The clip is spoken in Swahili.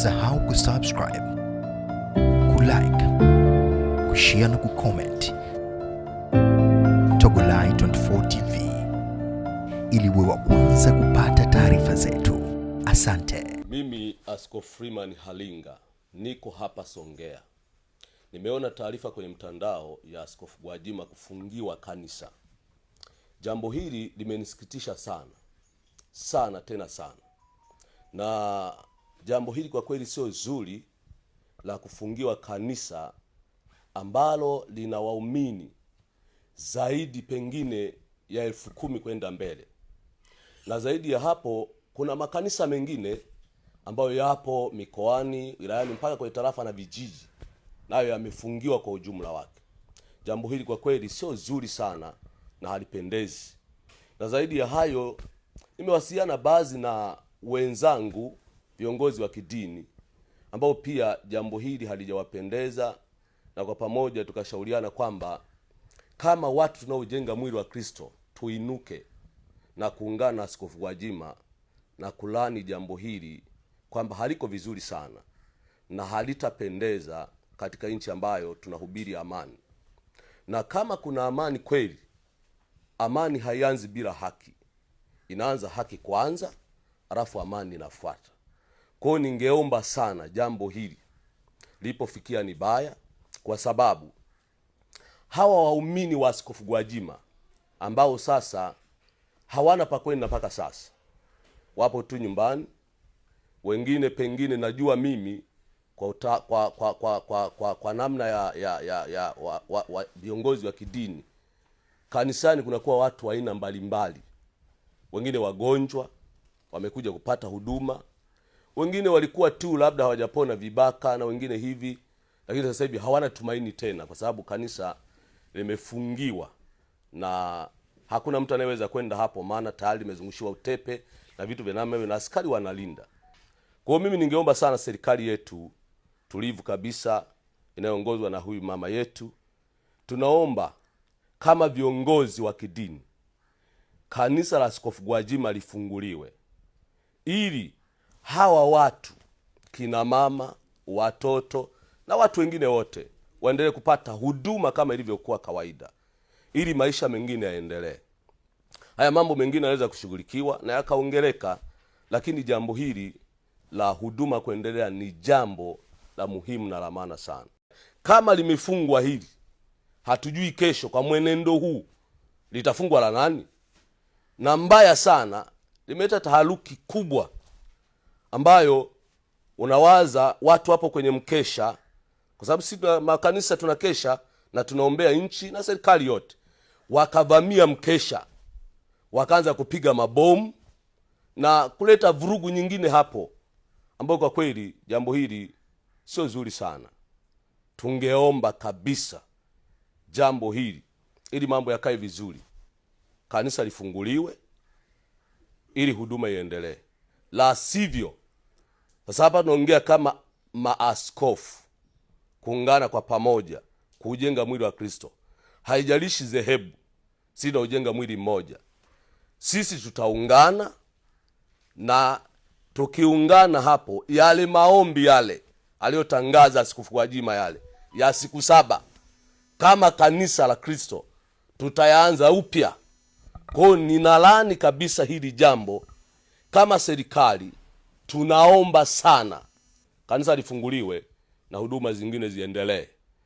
Usisahau kusubscribe, kulike, kushare na kucomment Togolai 24 TV ili wewe wa kwanza kupata taarifa zetu. Asante. Mimi Askofu Freeman Halinga niko hapa Songea. Nimeona taarifa kwenye mtandao ya Askofu Gwajima kufungiwa kanisa. Jambo hili limenisikitisha sana sana tena sana, na Jambo hili kwa kweli sio zuri la kufungiwa kanisa ambalo lina waumini zaidi pengine ya elfu kumi kwenda mbele, na zaidi ya hapo kuna makanisa mengine ambayo yapo mikoani, wilayani, mpaka kwenye tarafa na vijiji, nayo yamefungiwa kwa ujumla wake. Jambo hili kwa kweli sio zuri sana na halipendezi. Na zaidi ya hayo, nimewasiliana baadhi na wenzangu viongozi wa kidini ambao pia jambo hili halijawapendeza, na kwa pamoja tukashauriana kwamba kama watu tunaojenga mwili wa Kristo tuinuke na kuungana na Askofu Gwajima na kulani jambo hili kwamba haliko vizuri sana na halitapendeza katika nchi ambayo tunahubiri amani, na kama kuna amani kweli, amani haianzi bila haki, inaanza haki kwanza, alafu amani inafuata. Kwa ningeomba sana jambo hili lipofikia ni baya, kwa sababu hawa waumini wa Askofu Gwajima ambao sasa hawana pa kwenda mpaka sasa, wapo tu nyumbani, wengine pengine najua mimi kwa, uta, kwa, kwa, kwa, kwa, kwa, kwa namna ya, ya, ya, ya wa, wa, wa, viongozi wa kidini kanisani kunakuwa watu wa aina mbalimbali, wengine wagonjwa wamekuja kupata huduma, wengine walikuwa tu labda hawajapona vibaka na wengine hivi, lakini sasa hivi hawana tumaini tena, kwa sababu kanisa limefungiwa na hakuna mtu anayeweza kwenda hapo, maana tayari limezungushiwa utepe na vitu vya namna hiyo na askari wanalinda. Kwa mimi ningeomba sana serikali yetu tulivu kabisa inayoongozwa na huyu mama yetu, tunaomba kama viongozi wa kidini, kanisa la Askofu Gwajima lifunguliwe ili hawa watu kina mama, watoto na watu wengine wote waendelee kupata huduma kama ilivyokuwa kawaida, ili maisha mengine yaendelee. Haya mambo mengine yanaweza kushughulikiwa na yakaongeleka, lakini jambo hili la huduma kuendelea ni jambo la muhimu na la maana sana. Kama limefungwa hili, hatujui kesho kwa mwenendo huu litafungwa la nani, na mbaya sana limeleta taharuki kubwa ambayo unawaza watu hapo kwenye mkesha, kwa sababu sisi makanisa tunakesha na tunaombea nchi na serikali yote, wakavamia mkesha, wakaanza kupiga mabomu na kuleta vurugu nyingine hapo, ambayo kwa kweli jambo hili sio zuri sana. Tungeomba kabisa jambo hili, ili mambo yakae vizuri, kanisa lifunguliwe ili huduma iendelee, la sivyo sasa hapa tunaongea kama maaskofu kuungana kwa pamoja kuujenga mwili wa Kristo, haijalishi dhehebu, si mwili mmoja. Sisi tutaungana na tukiungana hapo, yale maombi yale aliyotangaza Askofu yale ya siku saba, kama kanisa la Kristo tutayaanza upya. kwao ninalani kabisa hili jambo kama serikali Tunaomba sana kanisa lifunguliwe na huduma zingine ziendelee.